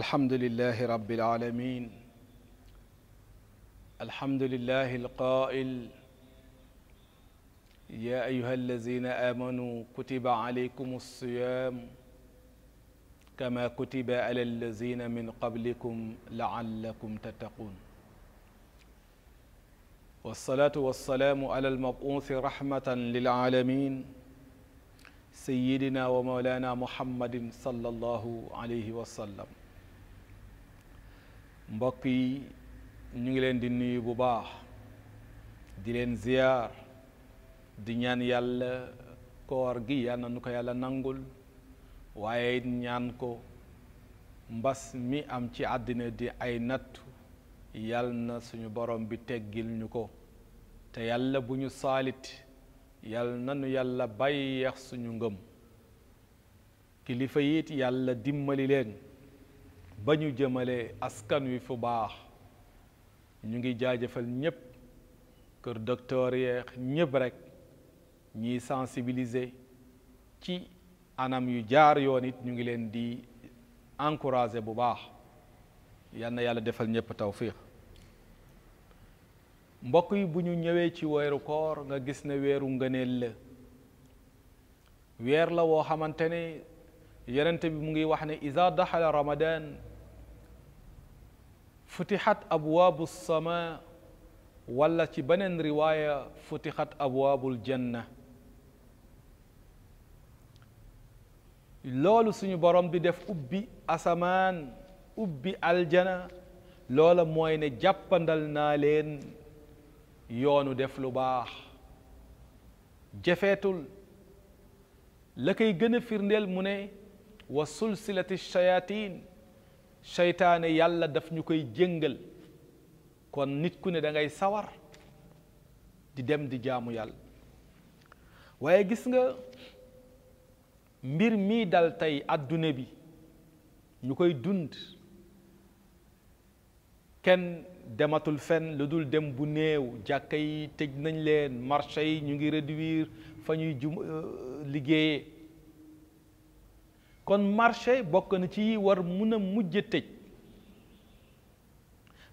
الحمد لله رب العالمين الحمد لله القائل يا أيها الذين آمنوا كتب عليكم الصيام كما كتب على الذين من قبلكم لعلكم تتقون والصلاة والسلام على المبعوث رحمة للعالمين سيدنا ومولانا محمد صلى الله عليه وسلم مبقي نجلين دي بباح دين زيار دينيان يال كورغي يانا نوكا يالا نانغول وايد نيانكو مباس مي امتي عدنا دي اي ناتو yal na suñu borom bi teggil ñu ko te yàlla bu ñu saalit yal na nu yàlla bàyyeex suñu ngëm kilifa yit yàlla dimmali leen ba ñu jëmalee askan wi fu baax ñu ngi jaajëfal ñépp kër docteur yeex ñépp rekk ñiy sensibiliser ci anam yu jaar yoon it ñu ngi leen di encourager bu baax yal na yàlla defal ñëpp tawfiix mbokk yi bu ñu ñëwee ci weeru koor nga gis ne weeru ngëneel la weer la woo xamante ne bi mu ngi wax ne iza daxala ramadan futihat abwaabu sama wala ci beneen riwaaya futixat abwaabul janna loolu suñu borom di def ubbi asamaan ubbi aljana loola mooy ne jàppandal naa leen yoonu def lu baax jafeetul la koy gëna firndeel mu ne wa sulsilati shayatin seytaane yàlla daf ñu koy jëngal kon nit ku ne dangay sawar di dem di jaamu yàlla waaye gis nga mbir mii dal tey adduna bi ñu koy dund kenn dematul fen lu dul dem bu néew jàkka yi tëj nañ leen marché yi ñu ngi réduire fa ñuy jum euh, liggéeyee kon marché bokk na ci war mun a mujj tëj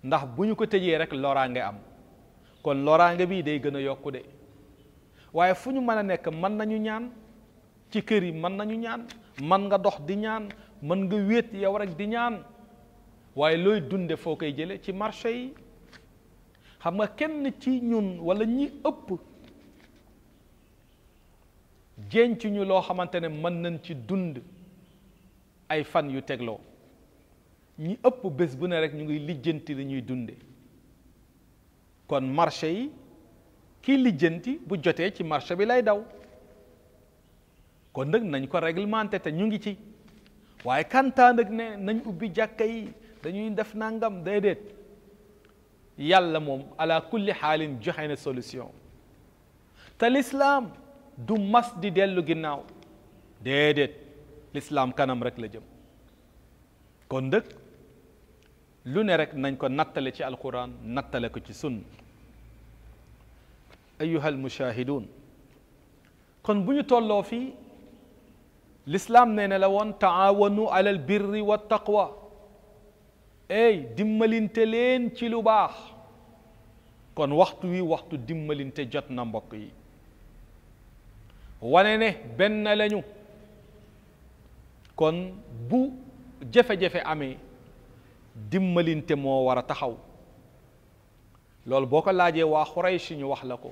ndax bu ñu ko tëjee rek loraange am kon loraange bi day gën a yokku de waaye fu ñu mën a nekk mën nañu ñaan ci kër yi mën nañu ñaan mën nga dox di ñaan mën nga wéet yow rek di ñaan waaye looy dunde foo koy jële ci marché yi xam nga kenn ci ñun walla ñi ëpp jéen ci ñu loo xamante ne mën nañ ci dund ay fan yu tegloo ñi ëpp bés bu ne rek ñu ngi lijjanti lañuy dunde kon marché yi kii lijjanti bu jotee ci marché bi lay daw kon nag nañ ko réglementé te ñu ngi ci waaye kantaan nag ne nañ ubbi jàkka yi dañuy def nangam déedéet yàlla moom ala kulli xaalin joxe na solution te lislaam du mas di dellu ginnaaw déedéet lislaam kanam rek la jëm kon dëkk lu ne rek nañ ko nattale ci alquran nattale ko ci sunn ayuha almushahidun kon bu ñu tolloo fii lislaam nee na la woon taawanu ala albirri wa taqwa ey dimbalinte leen ci lu baax kon waxtu wi waxtu dimbalinte jot na mbokk yi wane ne benn lañu kon bu jafe-jafe amee dimbalinte moo war a taxaw loolu boo ko laajee waa Quraysh ñu wax la ko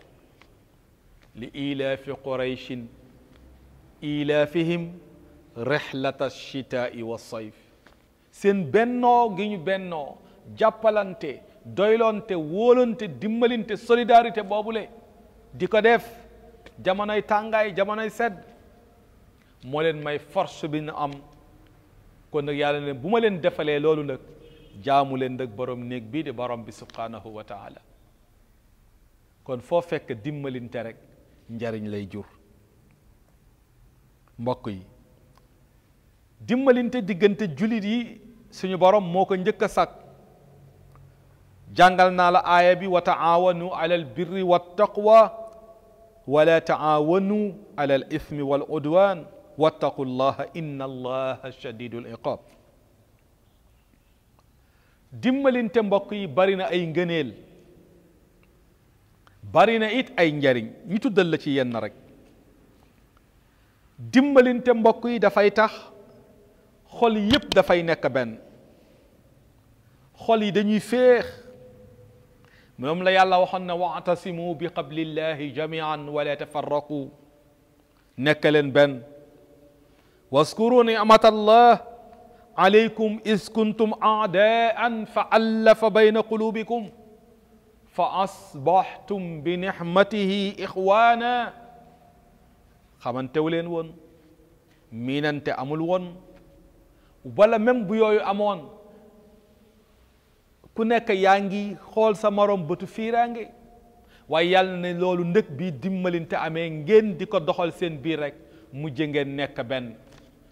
li ilaafi Qurayshin ilaafihim rihlata alchitaai wa sayf seen bennoo gi ñu bennoo jàppalante doylonte wóolante dimbalinte solidarité boobule di ko def jamonoy tàngaay jamonoy sedd moo leen may force bi na am kon nag yàlla ne bu ma leen defalee loolu nag jaamu leen nag boroom néeg bii di borom bi subhanahu wa kon foo fekk dimbalinte rek njariñ lay jur mbokk yi dimbalinte diggante jullit yi suñu borom moko ko njëkk jàngal na la aya bi wa taawanu ala al birri wa taqwa wala taawanu ala al ithmi wal udwan wattaqu llaha inna allaha shadidul iqab dimbalinte mbokk yi bari na ay ngëneel bari na it ay njariñ ñu tuddal la ci yenn rek dimbalinte mbokk yi dafay tax xol yépp dafay nekk benn xol yi dañuy féex moom la yàlla waxoon na waatasimu bi qablillahi jamian wala tafarraqu nekk leen benn waskuru nimat allah عليكم إذ كنتم أعداء فألف بين قلوبكم فأصبحتم بنعمته إخوانا خمنتولين ون ميننت أمل ون walla même bu yooyu amoon ku nekk yaa ngi xool sa morom bëtu fiiraange waaye yàlla ne loolu ndëkk bi dimbalinte amee ngeen di ko doxal seen biir rekk mujje ngeen nekk benn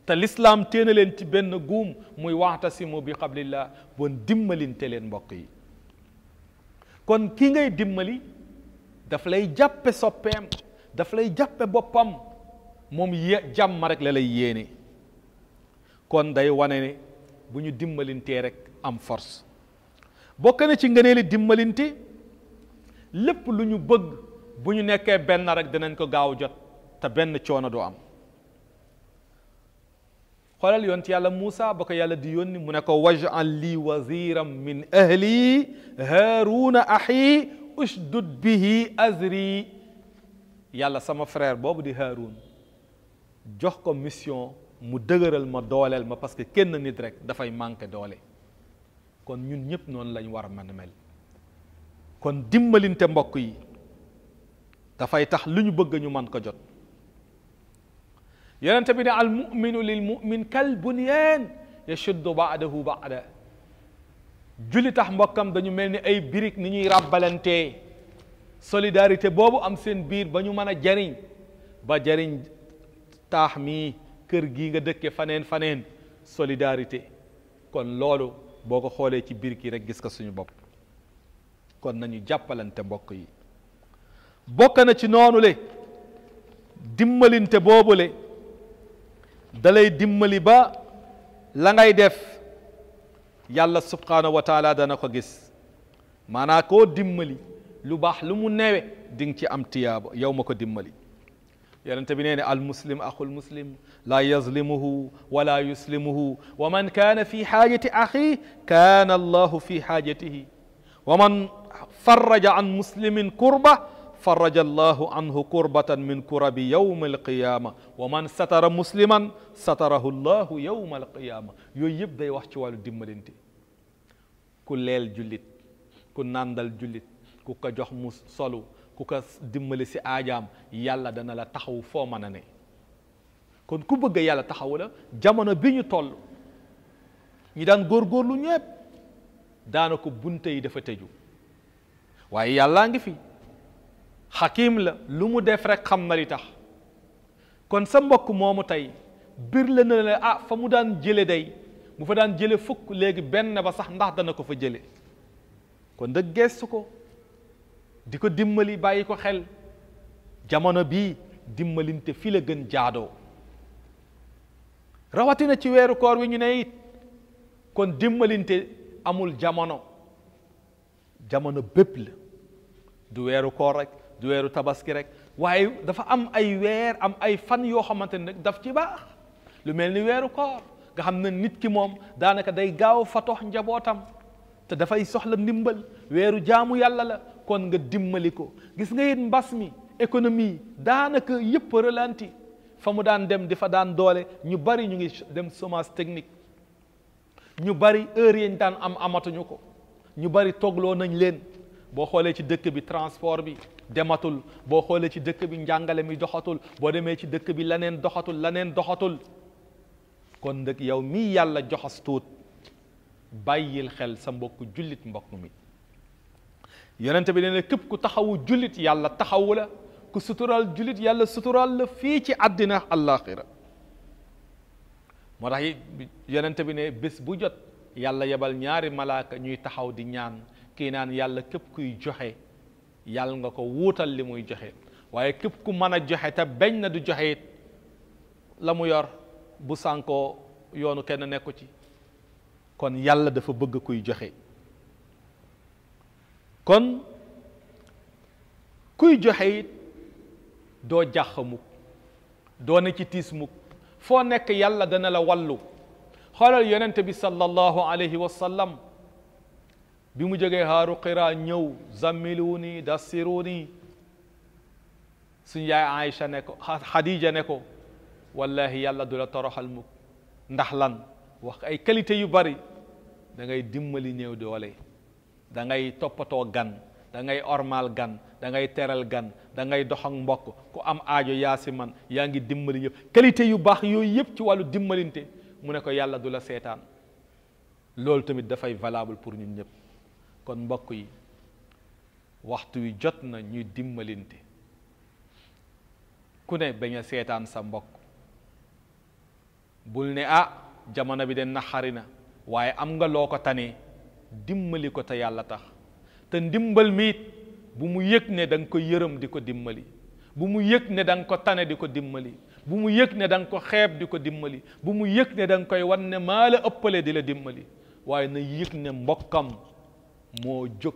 te lislaam téena leen ci benn guum muy waxtasimu bi xablillah bon dimbalinte leen mbokk yi kon ki ngay dimbali daf lay jàppe soppeem daf lay jàppe boppam moom jàmm rek la lay yéene kon day wane ne bu ñu dimbalintee rek am force bokk na ci ngëneeli dimbalinte lépp lu ñu bëgg bu ñu nekkee benn rek dinañ ko gaaw jot te benn coono du am xolal yonent yàlla Muusa ba ko yàlla di yónni mu ne ko waj'al li waziram min ahli haaruna ahi ushdud bihi azri yàlla sama frère boobu di Haaruun jox ko mission mu dëgëral ma dooleel ma parce que kenn nit rek dafay manqué doole kon ñun ñëpp noonu lañ war a mën mel kon dimbalinte mbokk yi dafay tax lu ñu bëgg ñu man ko jot yonente bi ne al muminu lil mumin kal bunyan yashuddu ba'dahu ba'da julli tax mbokkam dañu melni ay birik ni ñuy rabalante solidarité boobu am seen biir ba ñu mën a jariñ ba jariñ taax mii kër gii nga dëkke faneen faneen solidarité kon loolu boo ko xoolee ci biir kii rek gis ka suñu bopp kon nañu jàppalante mbokk yi bokk na ci noonu le dimbalinte boobule dalay dimbali ba la ngay def yàlla subhanahu wa dana ko gis maanaa koo dimbali lu baax lu mu newe di nga ci am tiyaaba yow ma ko dimbali يعني انت المسلم اخو المسلم لا يظلمه ولا يسلمه ومن كان في حاجة اخيه كان الله في حاجته ومن فرج عن مسلم كربة فرج الله عنه كربة من كرب يوم القيامة ومن ستر مسلما ستره الله يوم القيامة يجب دي وحشوا الدم لنتي كل ليل جلد كل ناندل جلد كوكا جوخ صلو ku ko dimbali si aajam yàlla dana la taxaw foo man a ne kon ku bëgg yàlla taxaw la jamono bi ñu toll ñi daan góor góorlu ñépp daana ko bunte yi dafa tëju waaye yàllaa ngi fi xakim la lu mu def rek xam na li tax kon sa mbokk moomu tey bir la na la ah, fa mu daan jële day mu fa daan jële fukk léegi benn ba sax ndax dana ko fa jële kon da geestu ko diko dimbali bayiko xel jamono bi dimbalinte fi la gën jaadoo rawatina ci wéru koor wi ñu ne it kon dimbalinte amul jamono jamono bépp la du wéru koor rek du wéru tabaski rek waaye dafa am ay weer am ay fan yoo xamante ne daf ci baax lu mel ni weeru koor nga xam ne nit ki moom daanaka day gaaw fatox njabootam te dafay soxla ndimbal weeru jaamu yàlla la kon nga dimbali ko gis nga it mbas mi économie daanaka yëpp ralenti fa mu daan dem di fa daan doole ñu bari ñu ngi dem chômage technique ñu bari heure yañ daan am amatuñu ko ñu bari toogloo nañ leen boo xoolee ci dëkk bi transport bi dematul boo xoolee ci dëkk bi njàngale mi doxatul boo demee ci dëkk bi laneen doxatul laneen doxatul kon nag yow mii yàlla joxas tuut bàyyil xel sa mbokku jullit mbokk mi yonent bi nee kep ku taxawu julit yàlla taxawu la ku sutural julit yàlla sutural la fi ci adina al-akhirah motax yonent bi ne bés bu jot yàlla yebal ñaari malaaka ñuy taxaw di ñaan ki naan yàlla kep kuy joxe yàlla nga ko wutal li muy joxe waye kep ku mana joxe ta beñ na du joxe la mu yor bu sanko yoonu kenn nekku ci kon yàlla dafa bëgg kuy joxe kon kuy joxe it doo jàq mukk doo na ci tiis mukk foo nekk yàlla dana la wallu xoolal yonente bi sallallahu alayhi wa sallam bi mu jógee xaaru qiraa ñëw zammiluuni dassiruuni suñ yaay aïcha ne ko xadija ne ko wallahi yàlla du la toroxal mukk ndax lan wax ay qualité yu bari da ngay dimbali ñëw doole da ngay toppatoo gan dangay ngay ormaal gan da ngay teral gan da ngay dox ak mbokk ku am aajo yaa si man yaa ngi dimbali ñëpp qualité yu baax yooyu yëpp ci wàllu dimbalinte mu ne ko yàlla du la seetaan loolu tamit dafay valable pour ñun ñëpp kon mbokk yi waxtu wi jot na ñuy dimbalinte ku ne bañ a seetaan sa mbokk bul ne ah jamono bi de naxari na waaye am nga loo ko tanee dimbali ko te yàlla tax te ndimbal mi it bu mu yëg ne danga ko yërëm di ko dimbali bu mu yëg ne danga ko tane di ko dimbali bu mu yëg ne da ko xeeb di ko dimbali bu mu yëg ne danga koy wan ne maa la ëppale di la dimbali waaye na yëg ne mbokkam moo jóg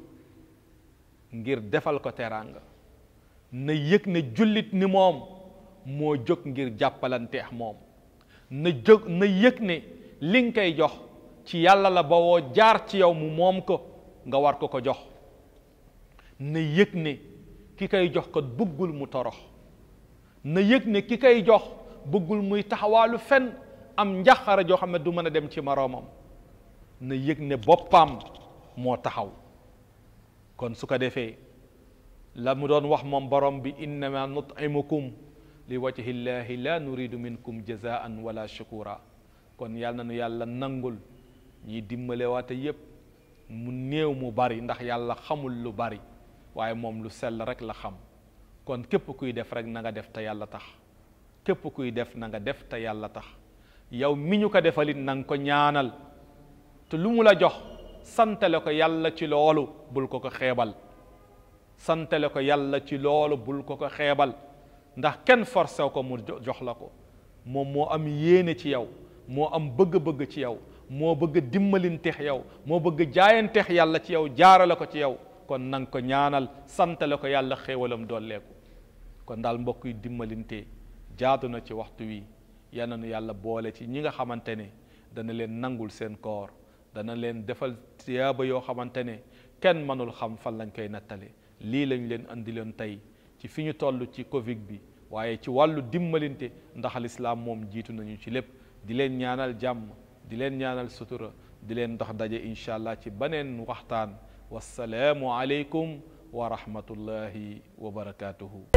ngir defal ko teraanga na yëg ne jullit ni moom moo jóg ngir jàppalante ak moom na jóg na yëg ne li nga koy jox ci yàlla la bawoo jaar ci yow mu moom ko nga war ko ko jox na yëg ne ki kay jox ko bëggul mu torox na yëg ne ki kay jox bëggul muy taxawaalu fen am njaxara joo xam ne du mën a dem ci moroomam na yëg ne boppam moo taxaw kon su ko defee la mu doon wax moom borom bi innama nutimukum li wajhi llahi la nuridu minkum jazaan wala shukura kon yàlla na nu yàlla nangul ñiy dimbalewaate yépp mu néew mu bari ndax yàlla xamul lu bari waaye moom lu sell rek la xam kon képp kuy def rek na nga def te yàlla tax képp kuy def na nga def te yàlla tax yow mi ñu ko defalit na ko ñaanal te lu mu la jox santale ko yàlla ci loolu bul ko ko xeebal santale ko yàlla ci loolu bul ko ko xeebal ndax kenn forcé ko mu jox la ko moom moo am yéene ci yow moo am bëgg-bëgg ci yow moo bëgg a dimbalinteex yow moo bëgg jaayanteex yàlla ci yow jaarale ko ci yow kon nang ko ñaanal santale ko yàlla xéewalam dolleeku kon daal mbokk yi dimbalinte jaadu na ci waxtu wi yananu yàlla boole ci ñi nga xamante ne dana leen nangul seen koor dana leen defal siyaaba yoo xamante ne kenn mënul xam fan lañ koy nattale lii lañ leen andi leen tey ci fi ñu toll ci Covid bi waaye ci wàllu dimbalinte ndax lislaam moom jiitu nañu ci lépp di leen ñaanal jàmm di leen ñaanal sutura di leen dox daje incha allah ci beneen waxtaan wassalaamu aleykum wa rahmatullahi wa barakaatuhu